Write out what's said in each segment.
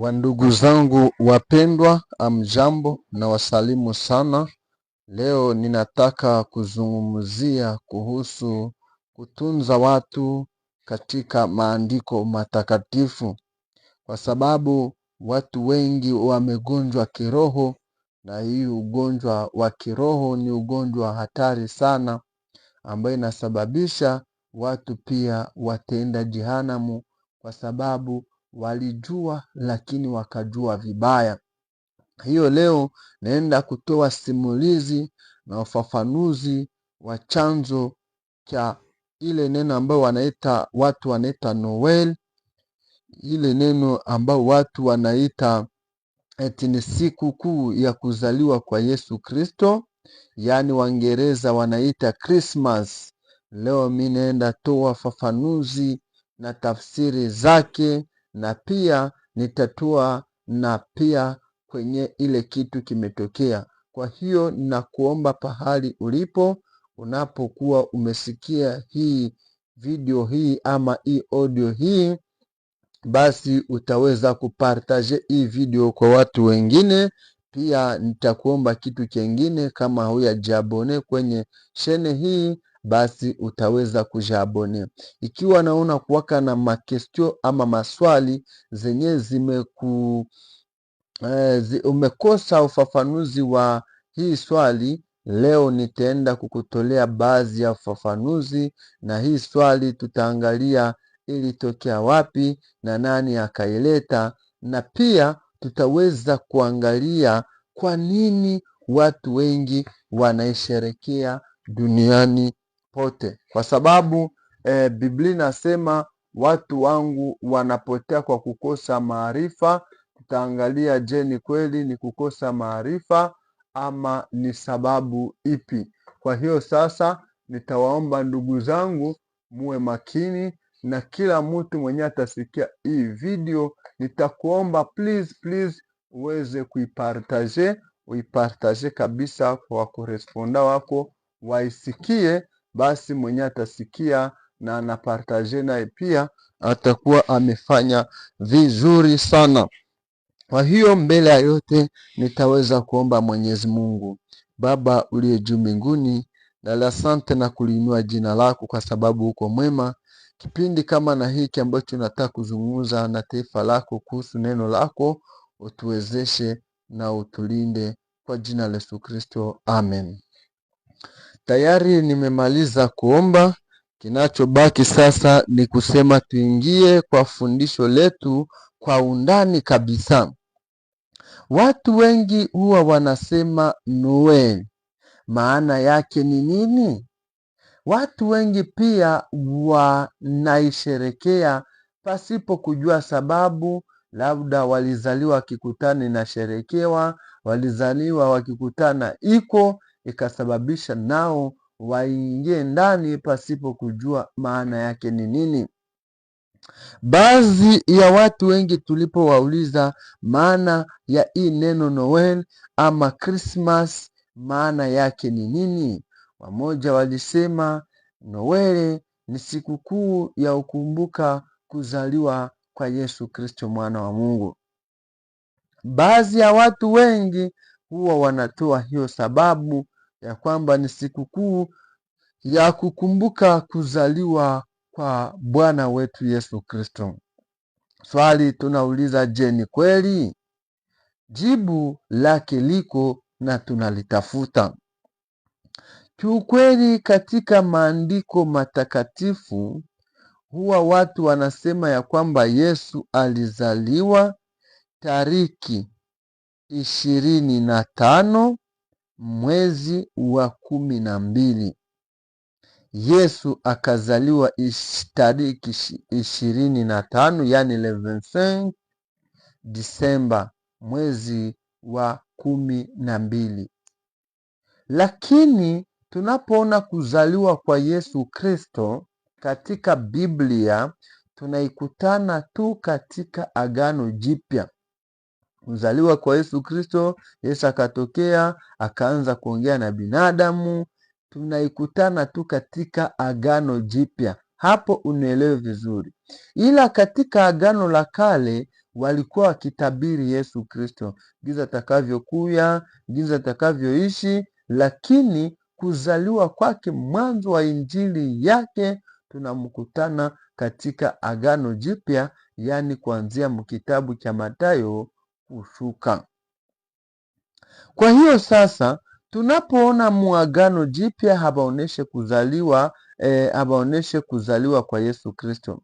Wandugu zangu wapendwa, amjambo na wasalimu sana. Leo ninataka kuzungumzia kuhusu kutunza watu katika maandiko matakatifu, kwa sababu watu wengi wamegonjwa kiroho, na hii ugonjwa wa kiroho ni ugonjwa hatari sana, ambayo inasababisha watu pia wataenda jehanamu kwa sababu walijua lakini wakajua vibaya. Hiyo leo naenda kutoa simulizi na ufafanuzi wa chanzo cha ile neno ambayo wanaita watu wanaita Noel, ile neno ambayo watu wanaita eti ni siku kuu ya kuzaliwa kwa Yesu Kristo, yaani Waingereza wanaita Christmas. Leo mi naenda toa fafanuzi na tafsiri zake na pia nitatua na pia kwenye ile kitu kimetokea. Kwa hiyo nakuomba pahali ulipo unapokuwa umesikia hii video hii ama hii audio hii, basi utaweza kupartaje hii video kwa watu wengine. Pia nitakuomba kitu kingine, kama huyajabone kwenye shene hii basi utaweza kujabone Ikiwa naona kuwaka na makestio ama maswali zenye zimeku eh, umekosa ufafanuzi wa hii swali Leo nitaenda kukutolea baadhi ya ufafanuzi na hii swali tutaangalia ilitokea wapi na nani akaileta, na pia tutaweza kuangalia kwa nini watu wengi wanaisherekea duniani pote, kwa sababu e, Biblia inasema watu wangu wanapotea kwa kukosa maarifa. Tutaangalia, je, ni kweli ni kukosa maarifa ama ni sababu ipi? Kwa hiyo sasa nitawaomba ndugu zangu muwe makini, na kila mtu mwenye atasikia hii video, nitakuomba please please uweze kuipartaje, uipartaje kabisa kwa koresponda wako waisikie, basi mwenye atasikia na anapartaje naye pia atakuwa amefanya vizuri sana. Kwa hiyo mbele ya yote nitaweza kuomba Mwenyezi Mungu Baba uliye juu mbinguni, na sante na kuliinua jina lako kwa sababu uko mwema. Kipindi kama na hiki ambacho nataka kuzungumza na taifa lako kuhusu neno lako, utuwezeshe na utulinde kwa jina la Yesu Kristo, amen. Tayari nimemaliza kuomba, kinachobaki sasa ni kusema tuingie kwa fundisho letu kwa undani kabisa. Watu wengi huwa wanasema Noel, maana yake ni nini? Watu wengi pia wanaisherekea pasipo kujua sababu. Labda walizaliwa wakikutana inasherekewa, walizaliwa wakikutana iko ikasababisha nao waingie ndani pasipo kujua maana yake ni nini. Baadhi ya watu wengi tulipowauliza maana ya hii neno Noel ama Christmas maana yake ni nini, wamoja walisema Noel ni sikukuu ya ukumbuka kuzaliwa kwa Yesu Kristo mwana wa Mungu. Baadhi ya watu wengi huwa wanatoa hiyo sababu ya kwamba ni sikukuu ya kukumbuka kuzaliwa kwa Bwana wetu Yesu Kristo. Swali tunauliza, je, ni kweli? Jibu lake liko na tunalitafuta. Kiukweli, katika maandiko matakatifu huwa watu wanasema ya kwamba Yesu alizaliwa tariki ishirini na tano mwezi wa kumi na mbili Yesu akazaliwa tariki ishirini na tano yani le 25 Disemba, mwezi wa kumi na mbili. Lakini tunapoona kuzaliwa kwa Yesu Kristo katika Biblia tunaikutana tu katika Agano Jipya kuzaliwa kwa Yesu Kristo, Yesu akatokea akaanza kuongea na binadamu. Tunaikutana tu katika Agano Jipya, hapo unaelewe vizuri, ila katika Agano la Kale walikuwa wakitabiri Yesu Kristo, giza takavyokuya, giza takavyoishi, lakini kuzaliwa kwake, mwanzo wa injili yake, tunamkutana katika Agano Jipya, yaani kuanzia mkitabu cha Mathayo hushuka. Kwa hiyo sasa tunapoona muagano jipya habaoneshe kuzaliwa e, eh, habaoneshe kuzaliwa kwa Yesu Kristo.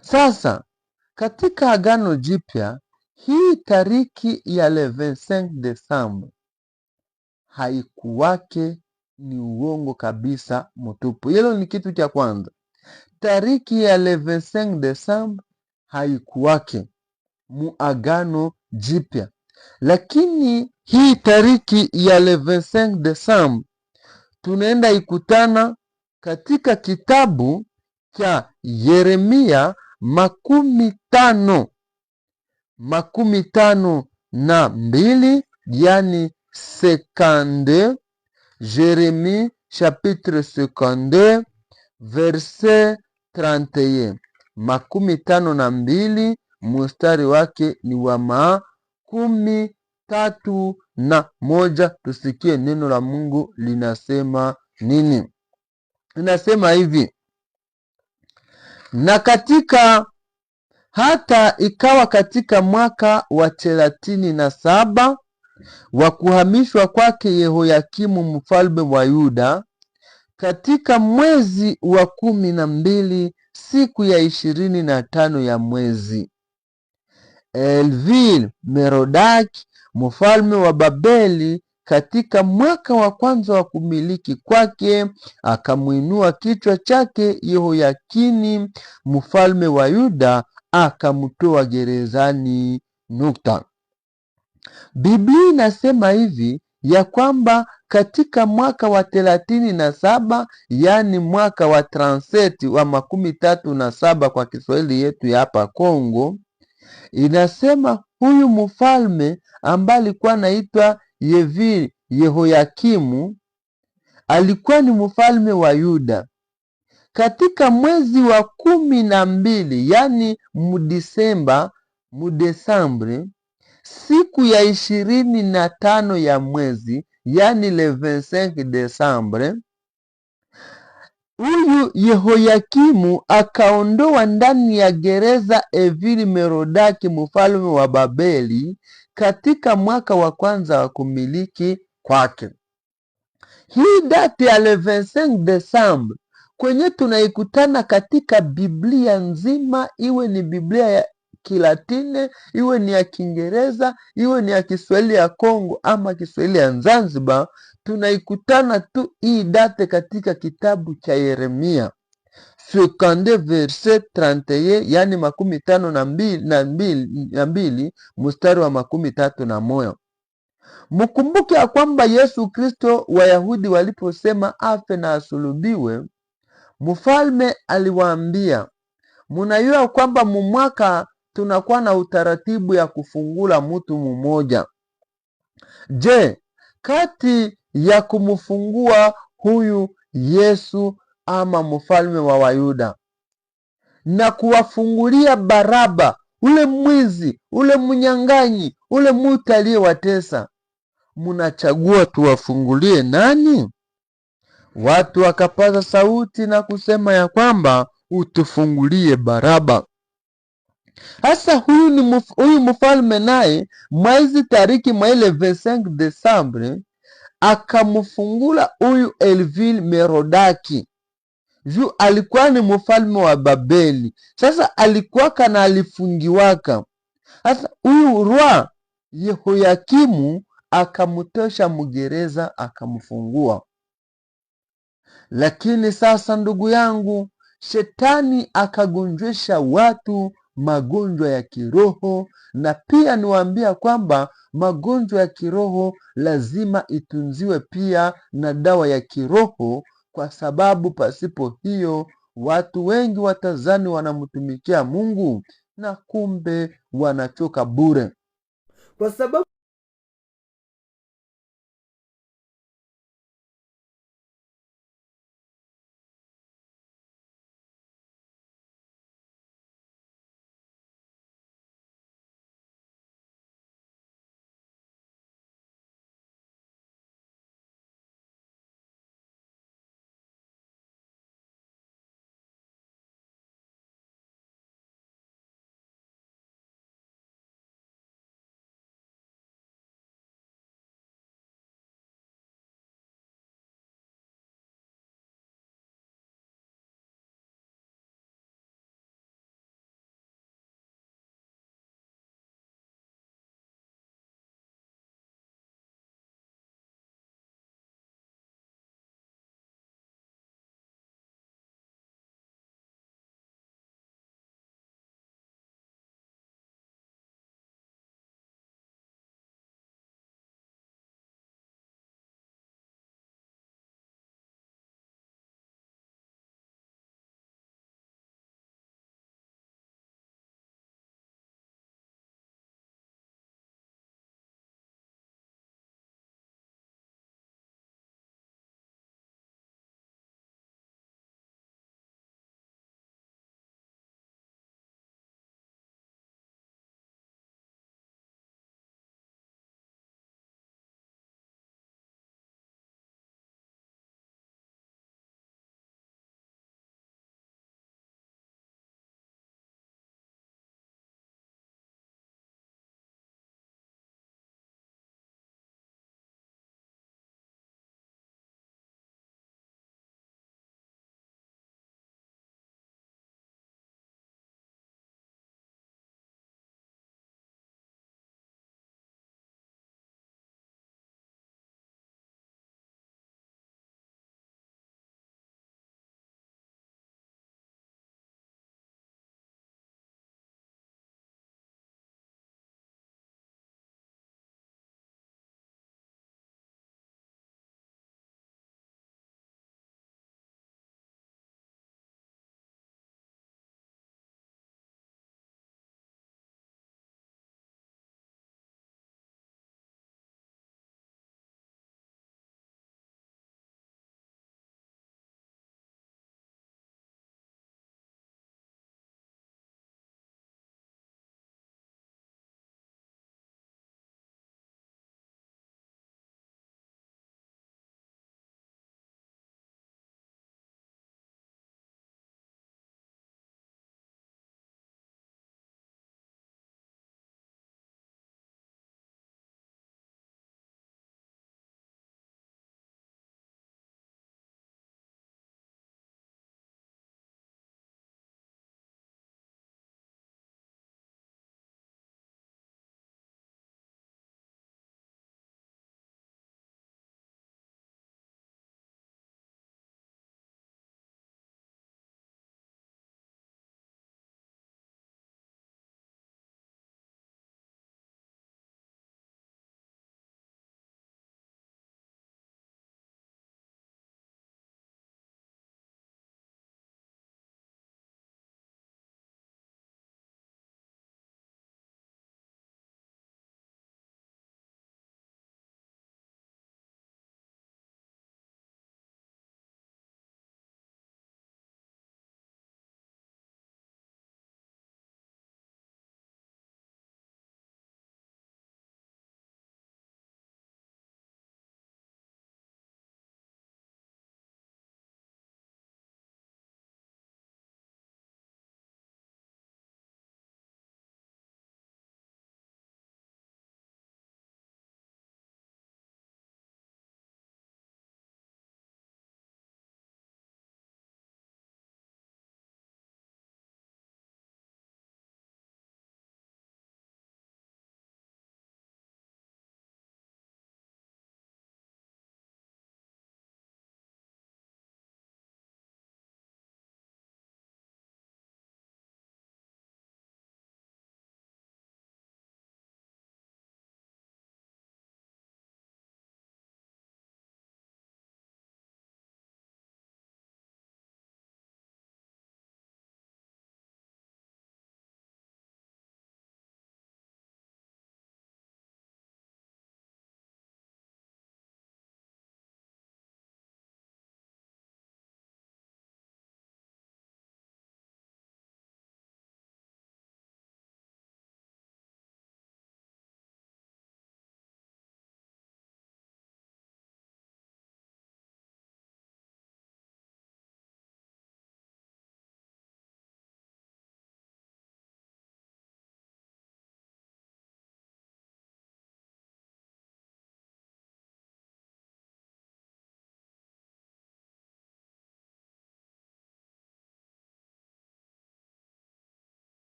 Sasa katika agano jipya hii tariki ya le 25 Desemba haikuwake ni uongo kabisa mtupu. Hilo ni kitu cha kwanza. Tariki ya le 25 Desemba haikuwake muagano jipya, lakini hii tariki ya le 25 Desembre tunaenda ikutana katika kitabu cha Yeremia makumi tano makumi tano na mbili yani sekande jeremi chapitre sekande verse 31 makumi tano na mbili mstari wake ni wa maa kumi tatu na moja. Tusikie neno la Mungu linasema nini? Linasema hivi: na katika hata ikawa katika mwaka wa thelathini na saba wa kuhamishwa kwake Yehoyakimu mfalme wa Yuda, katika mwezi wa kumi na mbili siku ya ishirini na tano ya mwezi Elvil Merodak, mfalme wa Babeli katika mwaka wa kwanza wa kumiliki kwake, akamwinua kichwa chake Yehoyakini mfalme wa Yuda, akamtoa gerezani. Nukta. Biblia inasema hivi ya kwamba katika mwaka wa thelathini na saba yaani mwaka wa transeti wa makumi tatu na saba kwa Kiswahili yetu ya hapa Kongo Inasema huyu mfalme ambaye alikuwa anaitwa Yevi Yehoyakimu alikuwa ni mfalme wa Yuda. Katika mwezi wa kumi na mbili, yaani Mdisemba, Mdesambri, siku ya ishirini na tano ya mwezi, yaani le 25 Desembre, Huyu Yehoyakimu akaondoa ndani ya gereza Evili Merodaki mfalme wa Babeli katika mwaka wa kwanza wa kumiliki kwake. Hii date ya le 25 Desemba kwenye tunaikutana katika Biblia nzima, iwe ni Biblia ya Kilatine, iwe ni ya Kiingereza, iwe ni ya Kiswahili ya Kongo ama Kiswahili ya Zanzibar tunaikutana tu hii date katika kitabu cha Yeremia 52 verset 31, yani makumi tano na mbili, na mbili, na mbili mstari wa makumi tatu na moyo. Mkumbuke ya kwamba Yesu Kristo Wayahudi waliposema afe na asulubiwe, mfalme aliwaambia, munajua kwamba mumwaka tunakuwa na utaratibu ya kufungula mutu mumoja. Je, kati ya kumfungua huyu Yesu ama mfalme wa Wayuda na kuwafungulia Baraba, ule mwizi, ule mnyang'anyi, ule mutu aliyewatesa. Munachagua tuwafungulie nani? Watu wakapaza sauti na kusema ya kwamba utufungulie Baraba. Hasa huyu ni mf, huyu mfalme naye mwezi tariki mwa ile 25 Desemba akamfungula huyu Elvil Merodaki juu alikuwa ni mfalme wa Babeli. Sasa alikuwa kana alifungiwaka. Sasa huyu rwa Yehoyakimu akamtosha mgereza akamfungua. Lakini sasa, ndugu yangu, shetani akagonjwesha watu magonjwa ya kiroho, na pia niwaambia kwamba magonjwa ya kiroho lazima itunziwe pia na dawa ya kiroho, kwa sababu pasipo hiyo watu wengi watazani wanamtumikia Mungu na kumbe wanachoka bure, kwa sababu